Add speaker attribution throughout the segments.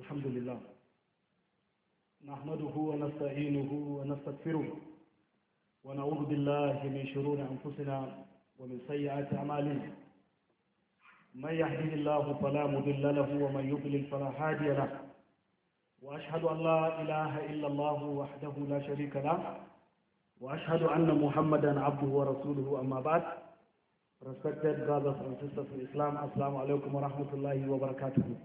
Speaker 1: الحمد لله نحمده ونستعينه ونستغفره ونعوذ بالله من شرور أنفسنا ومن سيئات أعمالنا من يهده الله فلا مضل له ومن يضلل فلا هادي له وأشهد أن لا إله إلا الله وحده لا شريك له وأشهد أن محمدا عبده ورسوله أما بعد Respected brothers and sisters in Islam, Assalamu alaikum wa rahmatullahi wa barakatuh.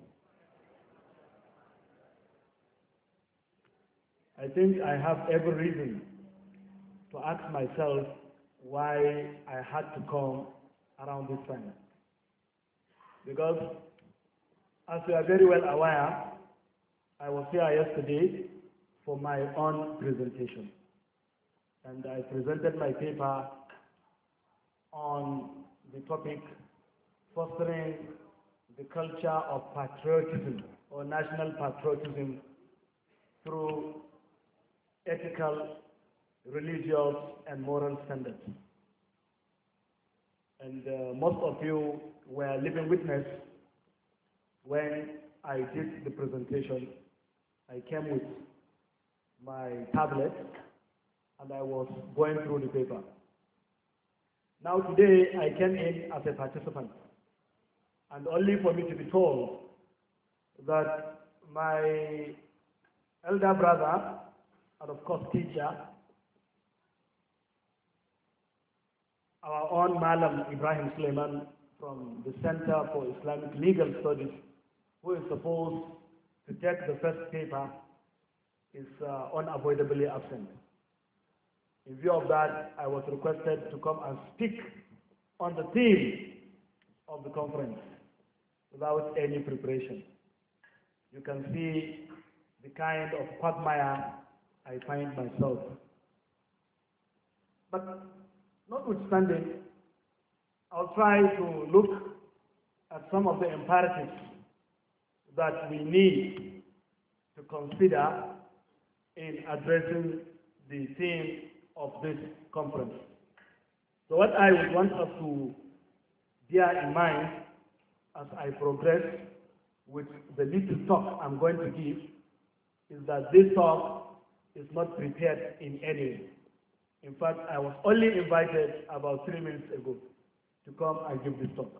Speaker 1: I think I have every reason to ask myself why I had to come around this time. Because, as you are very well aware, I was here yesterday for my own presentation. And I presented my paper on the topic fostering the culture of patriotism or national patriotism through ethical, religious, and moral standards. And uh, most of you were living witness when I did the presentation. I came with my tablet and I was going through the paper. Now today I came in as a participant and only for me to be told that my elder brother and of course teacher, our own Malam Ibrahim Suleiman from the Center for Islamic Legal Studies, who is supposed to take the first paper, is uh, unavoidably absent. In view of that, I was requested to come and speak on the theme of the conference without any preparation. You can see the kind of quagmire I find myself. But notwithstanding, I'll try to look at some of the imperatives that we need to consider in addressing the theme of this conference. So what I would want us to bear in mind as I progress with the little talk I'm going to give is that this talk is not prepared in any way. In fact, I was only invited about three minutes ago to come and give this talk.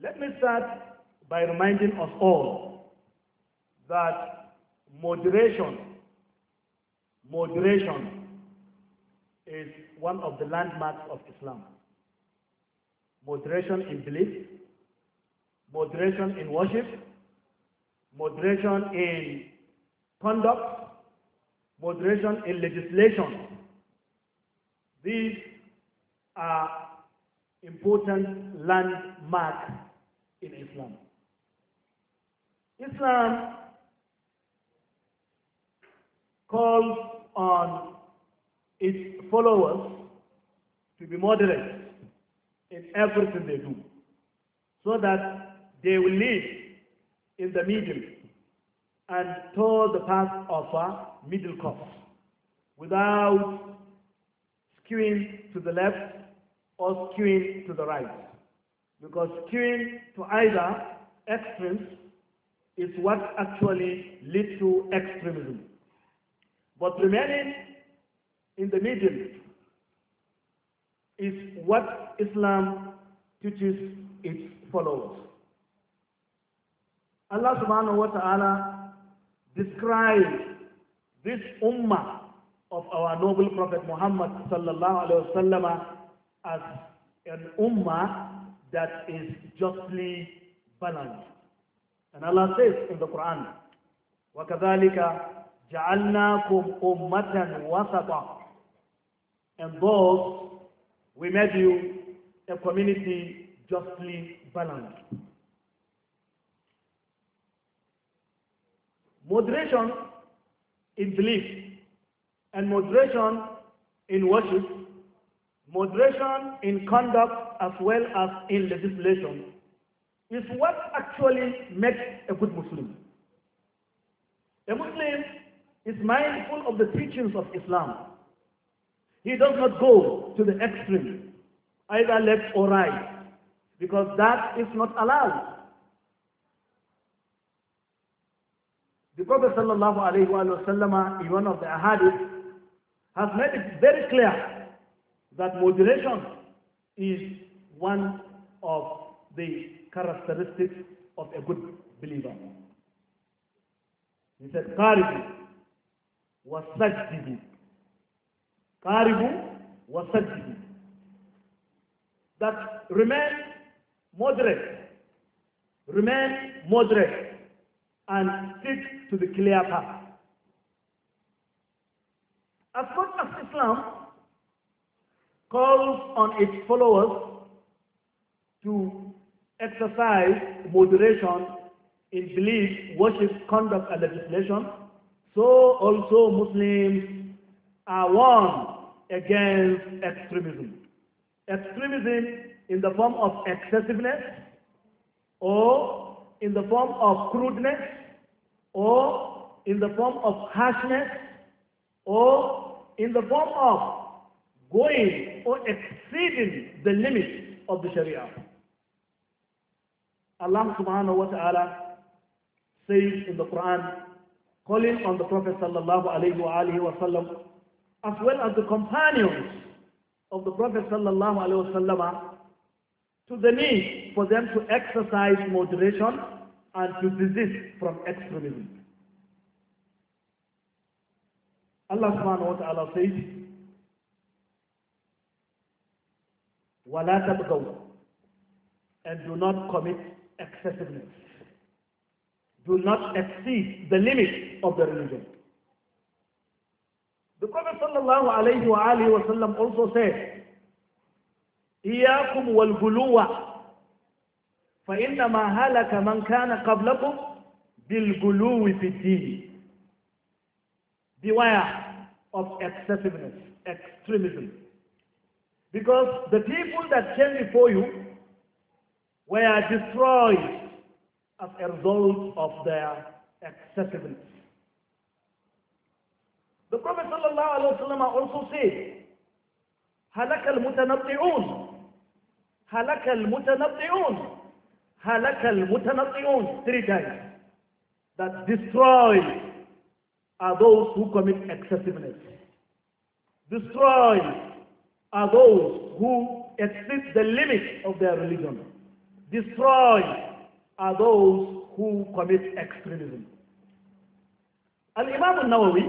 Speaker 1: Let me start by reminding us all that moderation, moderation is one of the landmarks of Islam. Moderation in belief, moderation in worship, moderation in conduct, moderation in legislation. These are important landmarks in Islam. Islam calls on its followers to be moderate in everything they do so that they will live in the middle and tore the path of a middle course without skewing to the left or skewing to the right. Because skewing to either extremes is what actually leads to extremism. But remaining in the middle is what Islam teaches its followers. Allah subhanahu wa ta'ala describe this ummah of our noble Prophet Muhammad sallallahu alaihi wasallam as an ummah that is justly balanced. And Allah says in the Quran, وَكَذَلِكَ جَعَلْنَاكُمْ أُمَّةً وَسَطًا And thus, we made you a community justly balanced. Moderation in belief, and moderation in worship, moderation in conduct as well as in legislation is what actually makes a good Muslim. A Muslim is mindful of the teachings of Islam. He does not go to the extreme, either left or right, because that is not allowed. The Prophet sallallahu alayhi wa sallam in one of the ahadith has made it very clear that moderation is one of the characteristics of a good believer. He said, Qaribu wa sajdidu. Qaribu wa sajdidu. That remain moderate. Remain moderate and stick to the clear path. As much as Islam calls on its followers to exercise moderation in belief, worship, conduct, and legislation, so also Muslims are warned against extremism. Extremism in the form of excessiveness or in the form of crudeness or in the form of harshness or in the form of going or exceeding the limit of the Sharia. Allah subhanahu wa ta'ala says in the Quran, calling on the Prophet sallallahu alayhi wa sallam, as well as the companions of the Prophet sallallahu alayhi wa sallam, to the need for them to exercise moderation and to desist from extremism. Allah subhanahu wa ta'ala says, وَلَا And do not commit excessiveness. Do not exceed the limit of the religion. The Prophet sallallahu alayhi wa wa sallam also said, إِيَّاكُمْ وَالْغُلُوَّ فإنما هلك من كان قبلكم بالغلو في الدين beware of excessiveness extremism because the people that came before you were destroyed as a result of their excessiveness the prophet sallallahu also said هلك المتنبئون هلك المتنبئون halakal mutanatiyun three times. That destroy are those who commit excessiveness. Destroy are those who exceed the limit of their religion. Destroy are those who commit extremism. Al-Imam al-Nawawi,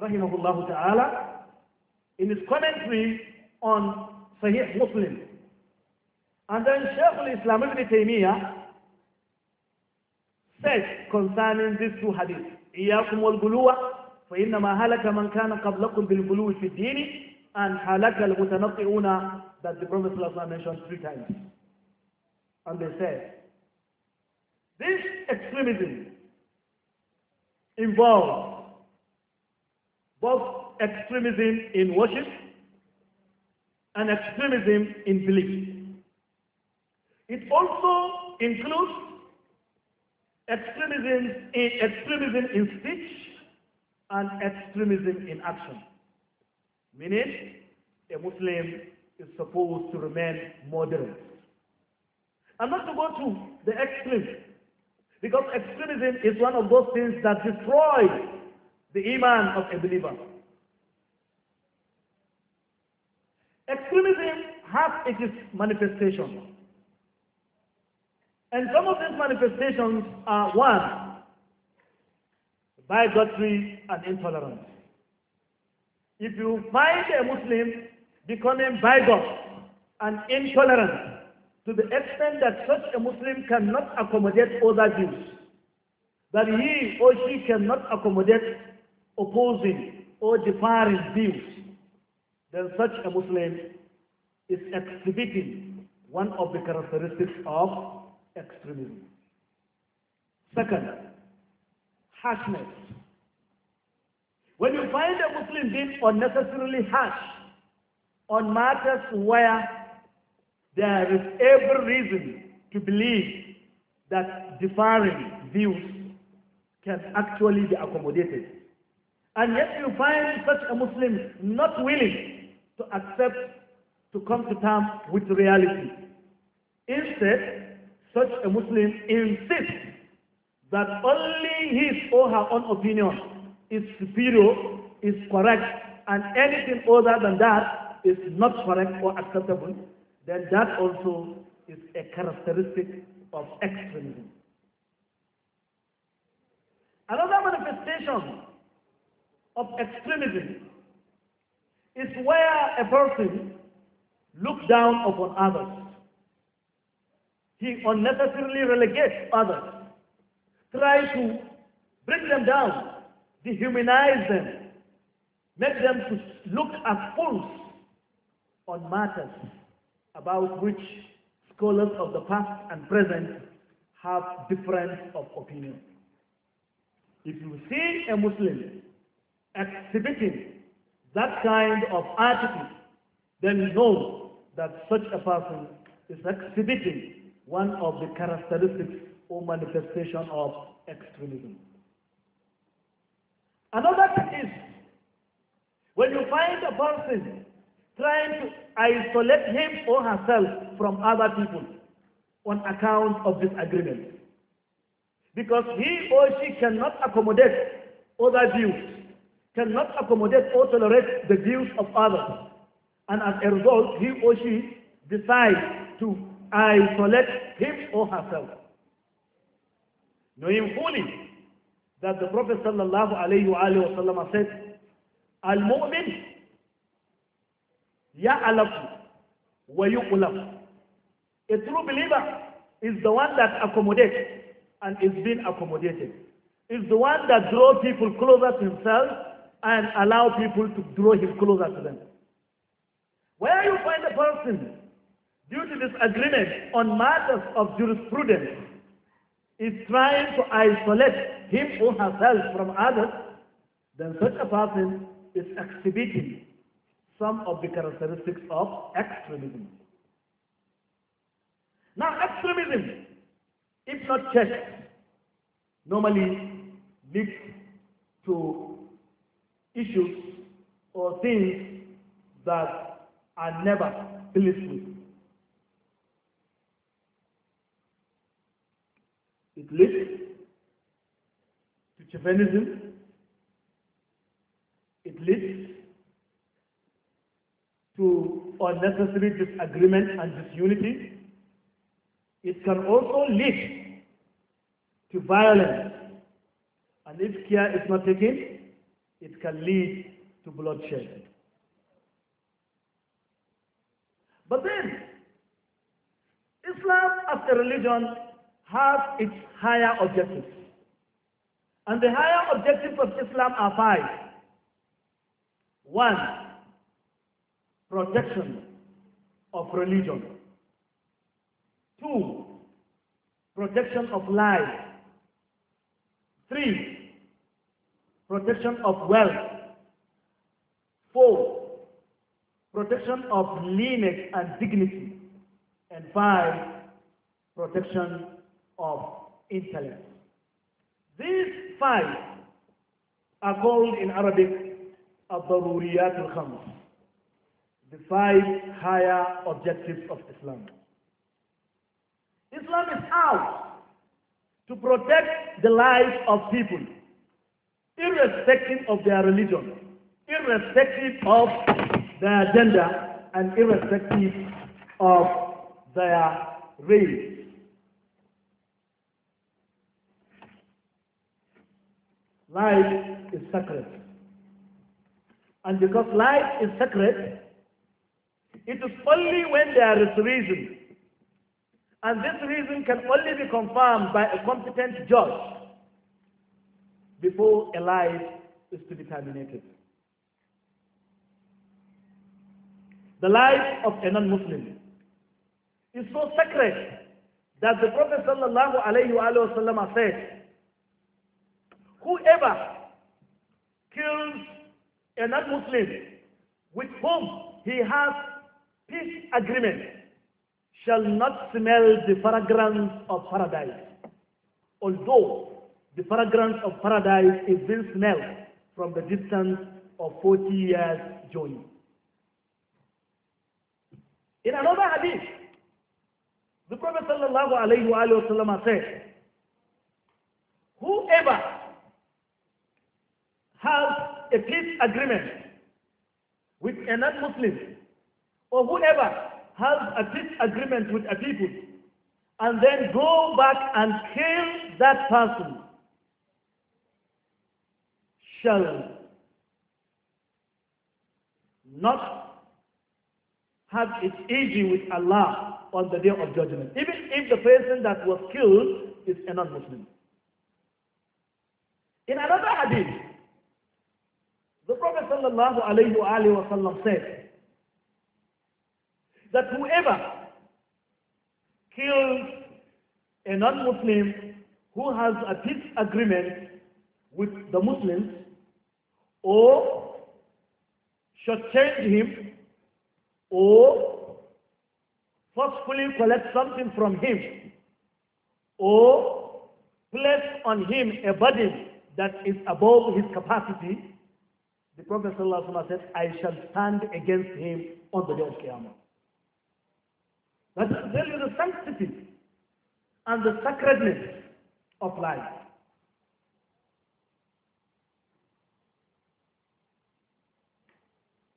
Speaker 1: rahimahullah ta'ala, in his commentary on Sahih Muslim, and then Shaykh al-Islam ibn Taymiyyah said concerning these two hadiths, إِيَّاكُمْ وَالْغُلُوَّةِ فَإِنَّمَا هَلَكَ مَنْ كَانَ قَبْلَكُمْ بِالْغُلُوِ فِي الدِّينِ and halaka al that the Prophet ﷺ mentioned three times. And they said, this extremism involves both extremism in worship and extremism in belief. It also includes extremism in, extremism in speech and extremism in action. Meaning, a Muslim is supposed to remain moderate. And not to go to the extreme. Because extremism is one of those things that destroys the iman of a believer. Extremism has its manifestations. And some of these manifestations are one, bigotry and intolerance. If you find a Muslim becoming bigot and intolerant to the extent that such a Muslim cannot accommodate other views, that he or she cannot accommodate opposing or defying views, then such a Muslim is exhibiting one of the characteristics of extremism. Second, harshness. When you find a Muslim being unnecessarily harsh on matters where there is every reason to believe that differing views can actually be accommodated. And yet you find such a Muslim not willing to accept, to come to terms with reality. Instead, such a Muslim insists that only his or her own opinion is superior, is correct, and anything other than that is not correct or acceptable, then that also is a characteristic of extremism. Another manifestation of extremism is where a person looks down upon others he unnecessarily relegates others, tries to bring them down, dehumanize them, make them to look at fools on matters about which scholars of the past and present have difference of opinion. If you see a Muslim exhibiting that kind of attitude, then you know that such a person is exhibiting one of the characteristics or manifestation of extremism. Another thing is when you find a person trying to isolate him or herself from other people on account of disagreement. Because he or she cannot accommodate other views, cannot accommodate or tolerate the views of others. And as a result, he or she decides to isolate him or herself. Knowing fully that the Prophet sallallahu alayhi wa said, Al-mu'min ya'alafu wa yu'lafu. A true believer is the one that accommodates and is being accommodated. Is the one that draws people closer to himself and allow people to draw him closer to them. Where you find a person disagreement on matters of jurisprudence is trying to isolate him or herself from others, then such a person is exhibiting some of the characteristics of extremism. Now, extremism, if not checked, normally leads to issues or things that are never peaceful. it leads to chauvinism, it leads to unnecessary disagreement and disunity. It can also lead to violence. And if care is not taken, it can lead to bloodshed. But then, Islam as a religion Have its higher objectives. And the higher objectives of Islam are five. One, protection of religion. Two, protection of life. Three, protection of wealth. Four, protection of lineage and dignity. And five, protection of intellect. These five are called in Arabic al-daruriyat al-khams, the five higher objectives of Islam. Islam is out to protect the lives of people, irrespective of their religion, irrespective of their gender, and irrespective of their race. Life is sacred. And because life is sacred, it is only when there is reason. And this reason can only be confirmed by a competent judge before a life is to be terminated. The life of a non-Muslim is so sacred that the Prophet sallallahu alayhi wa sallam said, whoever kills a non-Muslim with whom he has peace agreement shall not smell the fragrance of paradise, although the fragrance of paradise is being smelled from the distance of 40 years journey. In another hadith, the Prophet ﷺ said, whoever has a peace agreement with a non-Muslim or whoever has a peace agreement with a people and then go back and kill that person shall not have it easy with Allah on the day of judgment, even if the person that was killed is a non-Muslim. In another hadith, the Prophet sallallahu alayhi wa said that whoever kills a non-Muslim who has a peace agreement with the Muslims or change him or forcefully collect something from him or place on him a burden that is above his capacity the Prophet said, I shall stand against him on the day of Qiyamah. That there is a sanctity and the sacredness of life.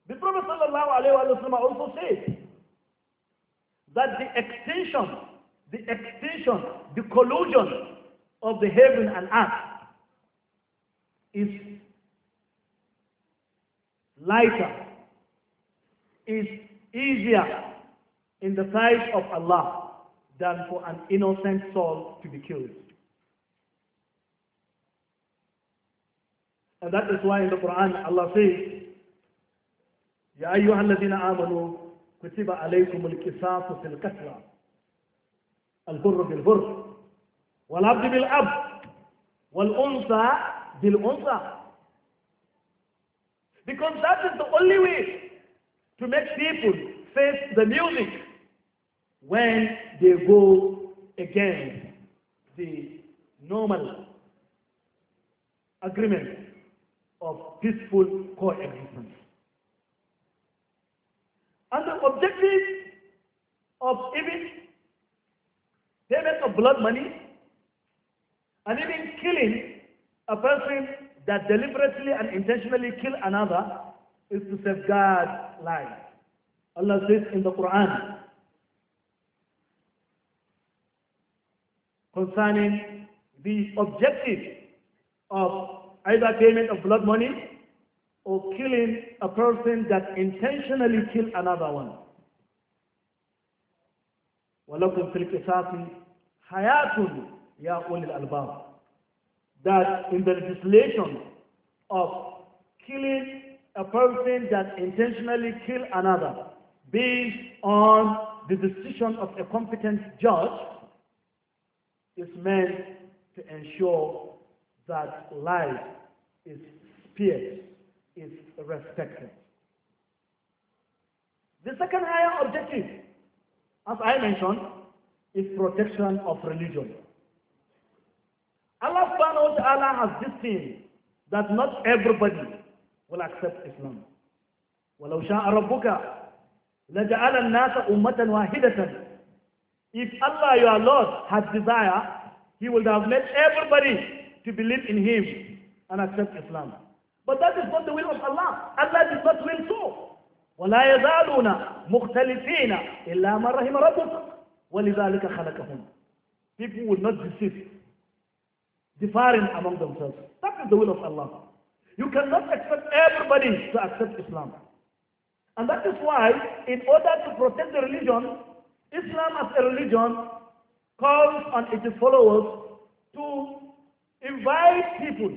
Speaker 1: The Prophet also said that the extension, the extension, the collusion of the heaven and earth is lighter, is easier in the sight of Allah than for an innocent soul to be killed. And that is why in the Quran Allah says, يا أيها الذين al كتب bil القصاص wal القتلى bil بالبر wal بالعبد bil بالأنثى because that is the only way to make people face the music when they go against the normal agreement of peaceful coexistence. And the objective of even payment of blood money and even killing a person that deliberately and intentionally kill another is to safeguard life. Allah says in the Quran concerning the objective of either payment of blood money or killing a person that intentionally kill another one. وَلَكُمْ فِي الْقِسَاسِ حَيَاةٌ يَا أُولِي الْأَلْبَابِ that in the legislation of killing a person that intentionally kill another based on the decision of a competent judge is meant to ensure that life is spared, is respected. The second higher objective, as I mentioned, is protection of religion. Ta'ala has this thing that not everybody will accept Islam. وَلَوْ شَاءَ رَبُّكَ لَجَعَلَ النَّاسَ أُمَّةً وَاحِدَةً If Allah your Lord had desire, He would have made everybody to believe in Him and accept Islam. But that is not the will of Allah. Allah does not will so. ولا يزالون مختلفين إلا من رحم ربك ولذلك خلقهم. People will not deceive differing among themselves. That is the will of Allah. You cannot expect everybody to accept Islam. And that is why, in order to protect the religion, Islam as a religion calls on its followers to invite people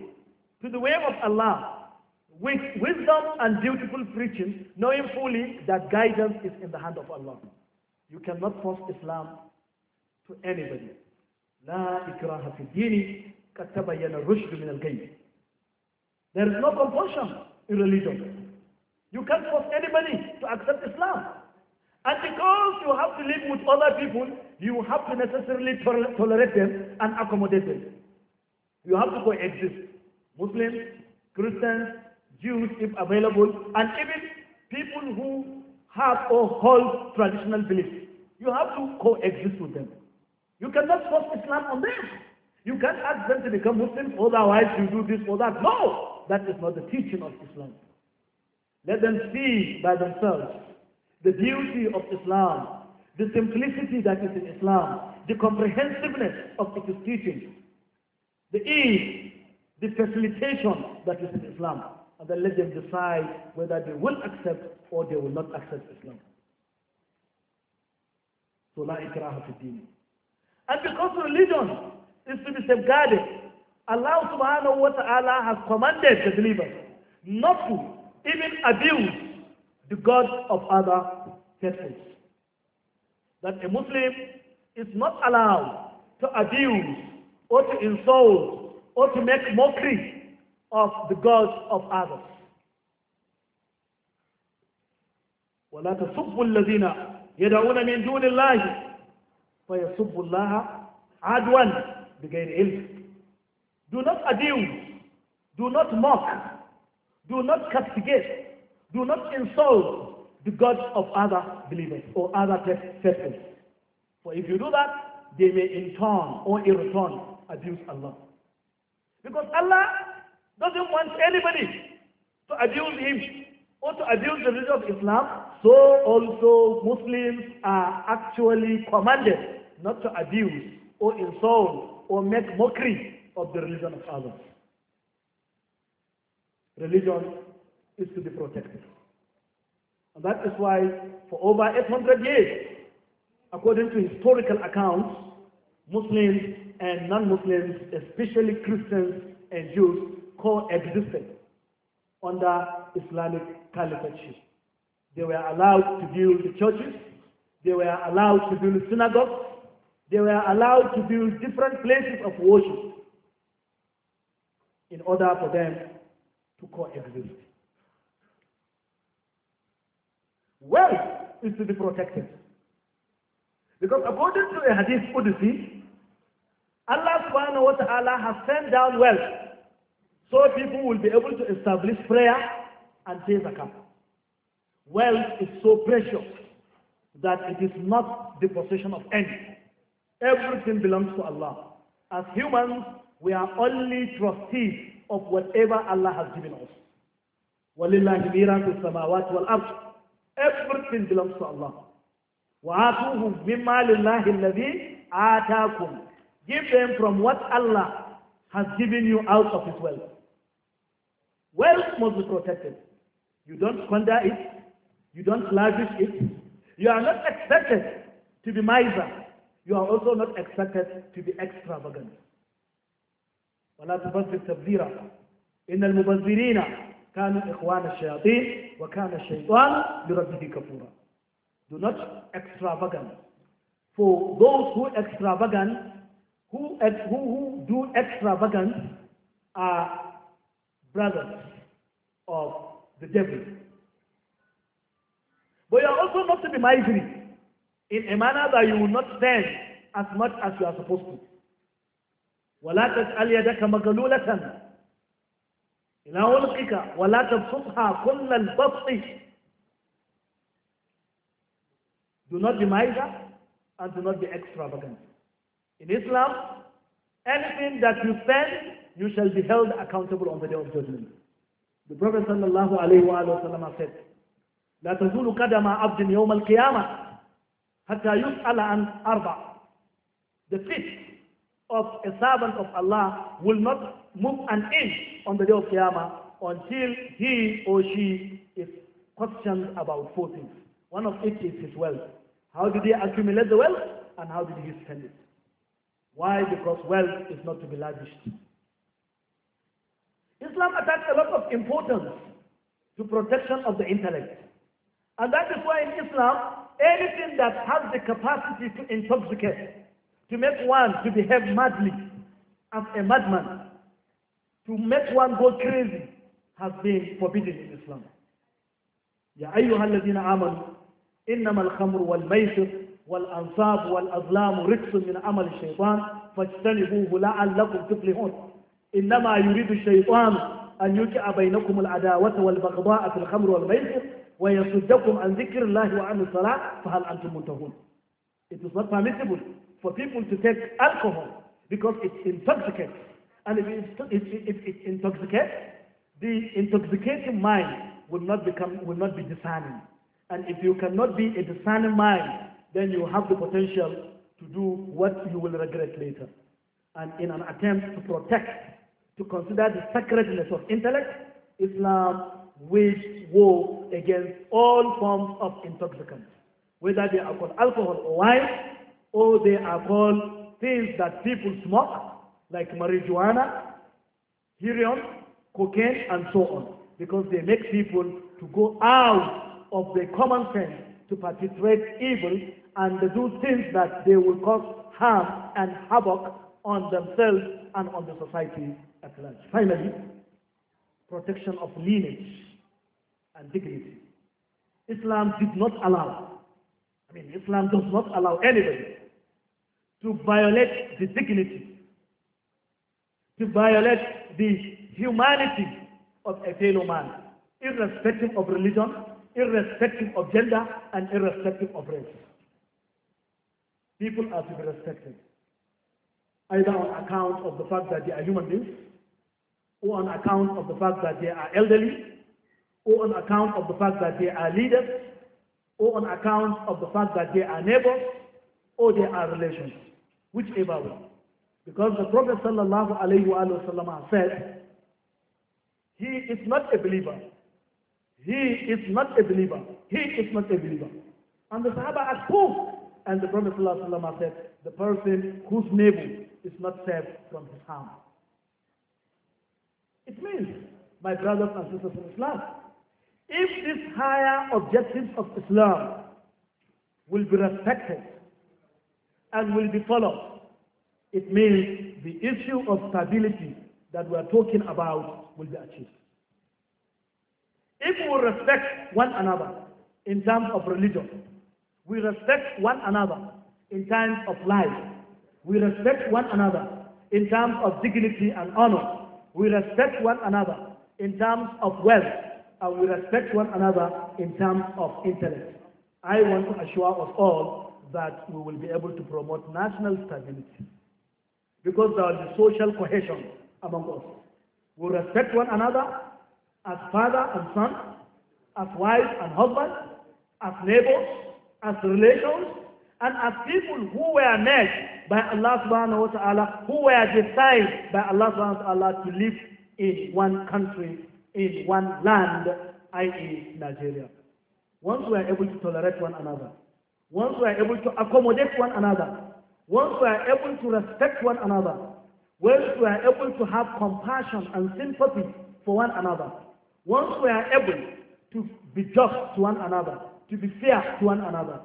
Speaker 1: to the way of Allah with wisdom and dutiful preaching, knowing fully that guidance is in the hand of Allah. You cannot force Islam to anybody. لا إكراه في الدين كَتَّبَيَّنَ There is no compulsion in religion. You can't force anybody to accept Islam. And because you have to live with other people, you have to necessarily tolerate them and accommodate them. You have to coexist. Muslims, Christians, Jews, if available, and even people who have or hold traditional beliefs. You have to coexist with them. You cannot force Islam on them. You can't ask them to become Muslims, otherwise oh, you do this or that. No! That is not the teaching of Islam. Let them see by themselves the beauty of Islam, the simplicity that is in Islam, the comprehensiveness of its teaching, the ease, the facilitation that is in Islam. And then let them decide whether they will accept or they will not accept Islam. So la ikraha fi And because religion is to be safeguarded. Allah subhanahu wa ta'ala has commanded the believers, not to even abuse the God of other faithfuls. That a Muslim is not allowed to abuse or to insult or to make mockery of the gods of others. ولا تسبوا الذين يدعون من دون الله فيسبوا الله عدوا بغير علم do not abuse do not mock do not castigate do not insult the gods of other believers or other persons for if you do that they may in turn or in return abuse Allah because Allah doesn't want anybody to abuse him or to abuse the religion of Islam, so also Muslims are actually commanded not to abuse or insult or make mockery of the religion of others. Religion is to be protected. And that is why for over 800 years, according to historical accounts, Muslims and non-Muslims, especially Christians and Jews, coexisted under Islamic caliphate. They were allowed to build churches, they were allowed to build synagogues, they were allowed to build different places of worship in order for them to coexist. Wealth is to be protected. Because according to a hadith Qudsi, Allah subhanahu wa ta'ala has sent down wealth so people will be able to establish prayer and pay zakat. Wealth is so precious that it is not the possession of any. Everything belongs to Allah. As humans, we are only trustees of whatever Allah has given us. Everything belongs to Allah. Give them from what Allah has given you out of His wealth. Wealth must be protected. You don't squander it. You don't lavish it. You are not expected to be miser you are also not expected to be extravagant. ولا تبذر تبذيرا إن المبذرين كانوا إخوان الشياطين وكان الشيطان لربه كفورا Do not extravagant. For those who extravagant, who, who, who do extravagant are brothers of the devil. But you are also not to be miserly in a manner that you will not spend as much as you are supposed to. ولا تجعل يدك مغلولة إلى عنقك ولا تبسطها كل البسط Do not be miser and do not be extravagant. In Islam, anything that you spend, you shall be held accountable on the day of judgment. The Prophet sallallahu alayhi wa said, لا تزول قدم عبد يوم القيامة حتى يسأل عن أربع the feet of a servant of Allah will not move an inch on the day of Qiyamah until he or she is questioned about four things. One of it is his wealth. How did he accumulate the wealth and how did he spend it? Why? Because wealth is not to be lavished. Islam attached a lot of importance to protection of the intellect. And that is why in Islam, anything that has the capacity to intoxicate, to make one to behave madly as a madman, to make one go crazy, has been forbidden in Islam. يا أيها الذين آمنوا إنما الخمر والميسر والأنصاب والأظلام رجس من عمل الشيطان فاجتنبوه لعلكم تفلحون إنما يريد الشيطان أن يوقع بينكم العداوة والبغضاء في الخمر والميسر عن ذكر الله وعن الصلاة فهل أنتم منتهون It is not permissible for people to take alcohol because it intoxicates. And if it, if it intoxicates, the intoxicating mind will not become will not be discerning. And if you cannot be a discerning mind, then you have the potential to do what you will regret later. And in an attempt to protect, to consider the sacredness of intellect, Islam waged war against all forms of intoxicants, whether they are called alcohol or wine, or they are called things that people smoke, like marijuana, heroin, cocaine, and so on, because they make people to go out of the common sense to perpetrate evil and do things that they will cause harm and havoc on themselves and on the society at large. Finally, protection of lineage and dignity. Islam did not allow, I mean, Islam does not allow anybody to violate the dignity, to violate the humanity of a fellow man, irrespective of religion, irrespective of gender, and irrespective of race. People are to be respected, either on account of the fact that they are human beings, or on account of the fact that they are elderly, or on account of the fact that they are leaders, or on account of the fact that they are neighbors, or they are relations, whichever way. Because the Prophet sallallahu said, he is not a believer. He is not a believer. He is not a believer. And the Sahaba asked who? And the Prophet ﷺ said, the person whose neighbor is not saved from his harm. It means, my brothers and sisters in Islam, if these higher objectives of Islam will be respected and will be followed, it means the issue of stability that we are talking about will be achieved. If we respect one another in terms of religion, we respect one another in terms of life, we respect one another in terms of dignity and honor, we respect one another in terms of wealth, and we respect one another in terms of intellect. I want to assure us all that we will be able to promote national stability because there will be social cohesion among us. We respect one another as father and son, as wife and husband, as neighbors, as relations, and as people who were made by Allah subhanahu wa ta'ala, who were decided by Allah subhanahu wa ta'ala to live in one country, in one land, i.e. Nigeria. Once we are able to tolerate one another, once we are able to accommodate one another, once we are able to respect one another, once we are able to have compassion and sympathy for one another, once we are able to be just to one another, to be fair to one another,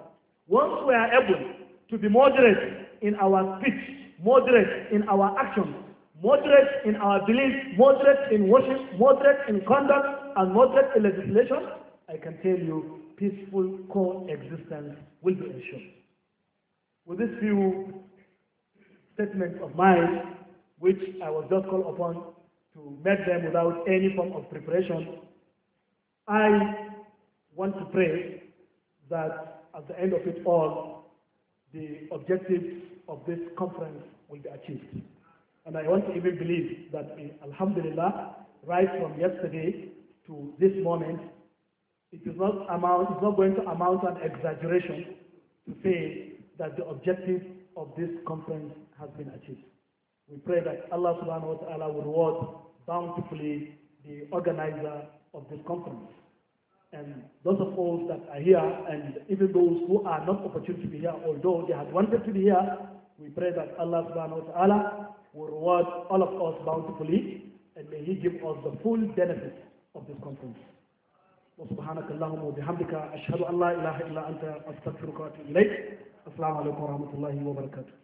Speaker 1: once we are able to be moderate in our speech, moderate in our actions, moderate in our beliefs, moderate in worship, moderate in conduct, and moderate in legislation, I can tell you peaceful coexistence will be ensured. With this few statements of mine, which I was just called upon to make them without any form of preparation, I want to pray that at the end of it all, the objectives of this conference will be achieved. And I want to even believe that, in, alhamdulillah, right from yesterday to this moment, it is not amount, it's not going to amount an exaggeration to say that the objective of this conference has been achieved. We pray that Allah subhanahu wa ta'ala will reward bountifully the organizer of this conference and those of us that are here and even those who are not opportunity to be here, although they had wanted to be here, we pray that Allah subhanahu wa ta'ala will reward all of us bountifully and may He give us the full benefit of this conference. وسبحانك اللهم وبحمدك أشهد أن لا إله إلا أنت أستغفرك وأتوب إليك السلام عليكم ورحمة الله وبركاته